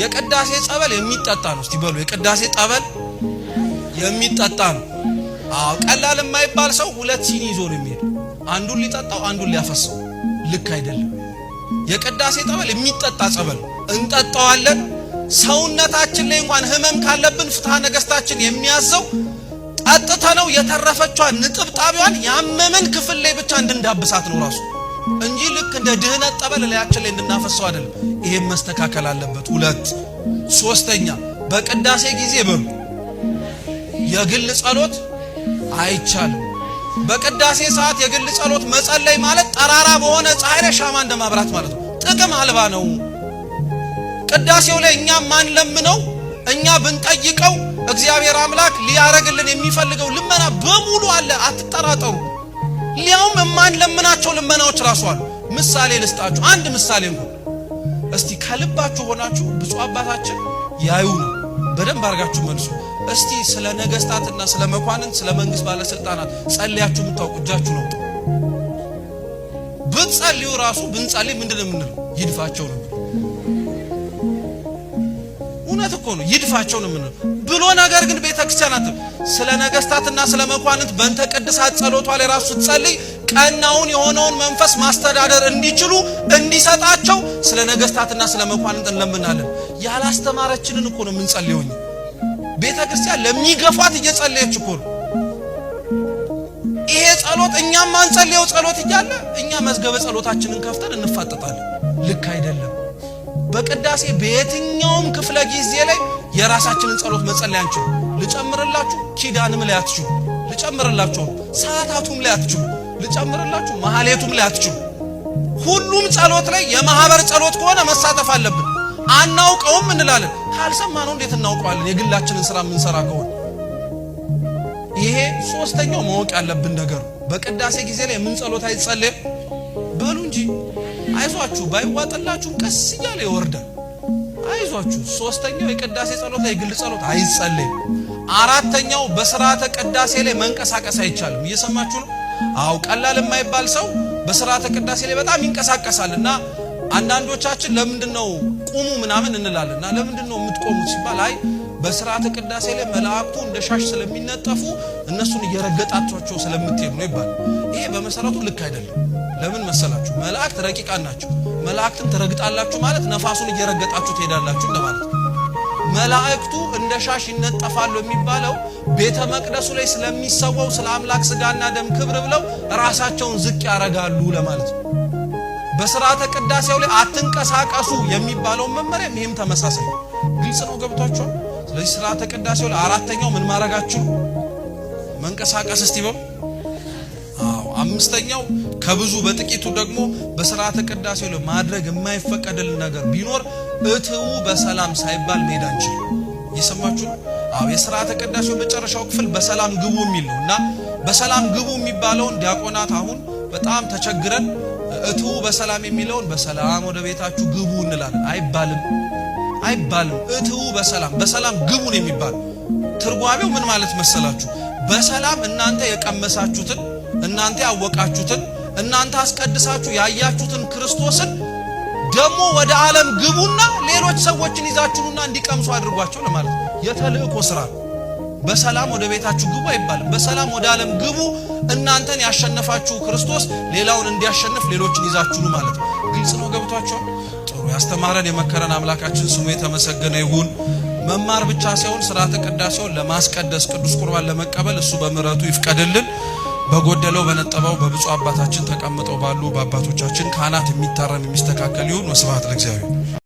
የቅዳሴ ጸበል የሚጠጣ ነው። እስቲ በሉ የቅዳሴ ጠበል የሚጠጣ ነው። አዎ ቀላል የማይባል ሰው ሁለት ሲኒ ይዞ ነው የሚሄድ። አንዱን ሊጠጣው፣ አንዱን ሊያፈሰው። ልክ አይደለም። የቅዳሴ ጠበል የሚጠጣ ጸበል እንጠጣዋለን። ሰውነታችን ላይ እንኳን ህመም ካለብን ፍትሐ ነገስታችን የሚያዘው ነው የተረፈቿን ንጥብጣቢዋን ያመመን ክፍል ላይ ብቻ እንድንዳብሳት ነው ራሱ እንጂ ልክ እንደ ድህነት ጠበል ላያችን ላይ እንድናፈሰው አይደለም። ይሄም መስተካከል አለበት። ሁለት ሶስተኛ፣ በቅዳሴ ጊዜ በሉ የግል ጸሎት አይቻልም። በቅዳሴ ሰዓት የግል ጸሎት መጸለይ ማለት ጠራራ በሆነ ፀሐይ ላይ ሻማ እንደ ማብራት ማለት ነው። ጥቅም አልባ ነው። ቅዳሴው ላይ እኛ ማን ለምነው እኛ ብንጠይቀው እግዚአብሔር አምላክ ሊያረግልን የሚፈልገው ልመና በሙሉ አለ። አትጠራጠሩ። ሊያውም ለምናቸው ልመናዎች ራሱ አሉ። ምሳሌ ልስጣችሁ፣ አንድ ምሳሌ እንኳን እስቲ ከልባችሁ ሆናችሁ ብፁዕ አባታችን ያዩ ነው። በደንብ አድርጋችሁ መልሱ። እስቲ ስለ ነገስታትና ስለ መኳንንት ስለ መንግስት ባለስልጣናት ጸልያችሁ የምታውቁ እጃችሁ ነው። ብትጸልዩ ራሱ ብንጸልይ ምንድን የምንለው ይድፋቸው ነው። እውነት እኮ ነው፣ ይድፋቸው ነው የምንለው ብሎ ነገር ግን ቤተ ክርስቲያናት ስለ ነገስታትና ስለ መኳንንት በእንተ ቅድሳት ጸሎቷ ላይ ራሱ ጸልይ ቀናውን የሆነውን መንፈስ ማስተዳደር እንዲችሉ እንዲሰጣቸው ስለ ነገስታትና ስለ መኳንንት እንለምናለን። ያላስተማረችንን እኮ ነው የምንጸልየው። ቤተ ክርስቲያን ለሚገፏት እየጸለየች እኮ ነው። ይሄ ጸሎት እኛም አንጸልየው ጸሎት እያለ እኛ መዝገበ ጸሎታችንን ከፍተን እንፋጠጣለን። ልክ አይደለም። በቅዳሴ በየትኛውም ክፍለ ጊዜ ላይ የራሳችንን ጸሎት መጸለይ አንችሉ። ልጨምርላችሁ ኪዳንም ላይ አትችሉ። ልጨምርላችሁ ሰዓታቱም ላይ አትችሉ። ልጨምርላችሁ ማህሌቱም ላይ አትችሉ። ሁሉም ጸሎት ላይ የማህበር ጸሎት ከሆነ መሳተፍ አለብን። አናውቀውም እንላለን። ካልሰማ ነው እንዴት እናውቀዋለን? የግላችንን ስራ የምንሰራ ከሆነ ይሄ ሶስተኛው ማወቅ ያለብን ነገር። በቅዳሴ ጊዜ ላይ የምን ጸሎት አይጸለይም በሉ እንጂ አይዟችሁ፣ ባይዋጥላችሁ ቀስ እያለ ይወርዳል። አያዟችሁ። ሶስተኛው የቅዳሴ ጸሎት ላይ የግል ጸሎት አይጸለይም። አራተኛው በስርዓተ ቅዳሴ ላይ መንቀሳቀስ አይቻልም። እየሰማችሁ ነው? አው ቀላል የማይባል ሰው በስርዓተ ቅዳሴ ላይ በጣም ይንቀሳቀሳል እና አንዳንዶቻችን ለምንድን ነው ቁሙ ምናምን እንላለን እና ለምንድን ነው የምትቆሙት ሲባል አይ በስርዓተ ቅዳሴ ላይ መላእክቱ እንደ ሻሽ ስለሚነጠፉ እነሱን እየረገጣቸው ስለምትሄዱ ነው ይባላል። ይሄ በመሰረቱ ልክ አይደለም። ለምን መሰላችሁ? መላእክት ረቂቃን ናቸው። መላእክትን ትረግጣላችሁ ማለት ነፋሱን እየረገጣችሁ ትሄዳላችሁ ለማለት ነው። መላእክቱ እንደ ሻሽ ይነጠፋሉ የሚባለው ቤተ መቅደሱ ላይ ስለሚሰወው ስለ አምላክ ስጋና ደም ክብር ብለው ራሳቸውን ዝቅ ያረጋሉ ለማለት ነው። በስርዓተ ቅዳሴው ላይ አትንቀሳቀሱ የሚባለውን መመሪያ ይህም ተመሳሳይ ግልጽ ነው፣ ገብቷችኋል? ስለዚህ ስርዓተ ቅዳሴው ላይ አራተኛው ምን ማድረጋችሁ መንቀሳቀስ እስቲ በው አምስተኛው ከብዙ በጥቂቱ ደግሞ በስርዓተ ቅዳሴ ላይ ማድረግ የማይፈቀድልን ነገር ቢኖር እትው በሰላም ሳይባል መሄድ አንችልም። እየሰማችሁ ነው? አዎ፣ የስርዓተ ቅዳሴው መጨረሻው ክፍል በሰላም ግቡ የሚል ነው እና በሰላም ግቡ የሚባለውን ዲያቆናት አሁን በጣም ተቸግረን እትው በሰላም የሚለውን በሰላም ወደ ቤታችሁ ግቡ እንላለን። አይባልም፣ አይባልም። እትው በሰላም በሰላም ግቡ የሚባል። ትርጓሜው ምን ማለት መሰላችሁ? በሰላም እናንተ የቀመሳችሁትን እናንተ ያወቃችሁትን እናንተ አስቀድሳችሁ ያያችሁትን ክርስቶስን ደግሞ ወደ ዓለም ግቡና ሌሎች ሰዎችን ይዛችሁና እንዲቀምሱ አድርጓቸው ለማለት ነው። የተልእኮ ስራ በሰላም ወደ ቤታችሁ ግቡ አይባልም። በሰላም ወደ ዓለም ግቡ፣ እናንተን ያሸነፋችሁ ክርስቶስ ሌላውን እንዲያሸንፍ ሌሎችን ይዛችሁ ማለት ነው። ግልጽ ነው። ገብቷቸዋል። ጥሩ ያስተማረን የመከረን አምላካችን ስሙ የተመሰገነ ይሁን። መማር ብቻ ሳይሆን ስርዓተ ቅዳሴውን ለማስቀደስ ቅዱስ ቁርባን ለመቀበል እሱ በምሕረቱ ይፍቀድልን። በጎደለው በነጠበው በብፁ አባታችን ተቀምጠው ባሉ በአባቶቻችን ካህናት የሚታረም የሚስተካከል ይሁን። ወስብሐት ለእግዚአብሔር።